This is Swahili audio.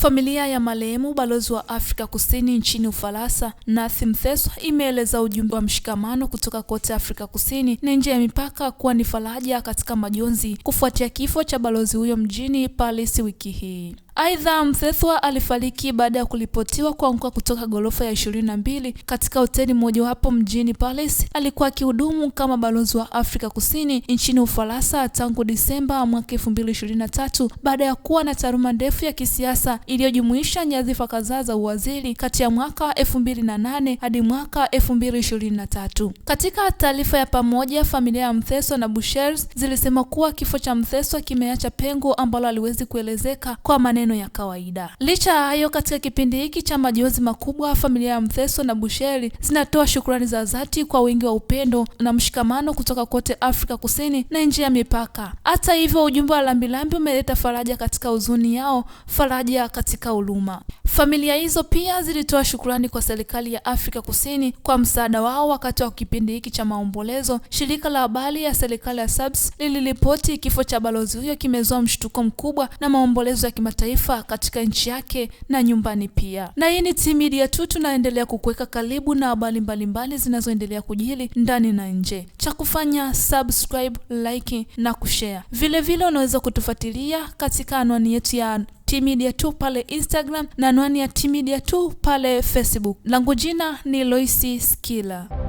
Familia ya marehemu balozi wa Afrika Kusini nchini Ufaransa, Nathi Mtheswa, imeeleza ujumbe wa mshikamano kutoka kote Afrika Kusini na nje ya mipaka kuwa ni faraja katika majonzi kufuatia kifo cha balozi huyo mjini Paris wiki hii. Aidha, Mthethwa alifariki baada ya kulipotiwa kuanguka kutoka ghorofa ya ishirini na mbili katika hoteli hapo mjini Paris. Alikuwa akihudumu kama balozi wa Afrika Kusini nchini Ufaransa tangu Disemba mwaka 2023 baada ya kuwa na taaluma ndefu ya kisiasa iliyojumuisha nyadhifa kadhaa za uwaziri kati ya mwaka 2008 hadi mwaka 2023. Katika taarifa ya pamoja, familia ya Mtheswa na Bushers zilisema kuwa kifo cha Mtheswa kimeacha pengo ambalo haliwezi kuelezeka kwa maneno maneno ya kawaida. Licha ya hayo, katika kipindi hiki cha majonzi makubwa, familia ya Mtheso na Busheri zinatoa shukrani za dhati kwa wingi wa upendo na mshikamano kutoka kote Afrika Kusini na nje ya mipaka. Hata hivyo, ujumbe wa Lambilambi umeleta faraja katika huzuni yao, faraja katika huluma. Familia hizo pia zilitoa shukrani kwa serikali ya Afrika Kusini kwa msaada wao wakati wa kipindi hiki cha maombolezo. Shirika la habari ya serikali ya SABS liliripoti kifo cha balozi huyo kimezua mshtuko mkubwa na maombolezo ya kimataifa katika nchi yake na nyumbani pia. Na hii ni T Media tu, tunaendelea kukuweka karibu na habari mbalimbali zinazoendelea kujili ndani na nje. Cha kufanya subscribe, like na kushare. Vilevile unaweza kutufuatilia katika anwani yetu ya tmedia tu pale Instagram na anwani ya tmedia tu pale Facebook. Langu jina ni Loisi Skila.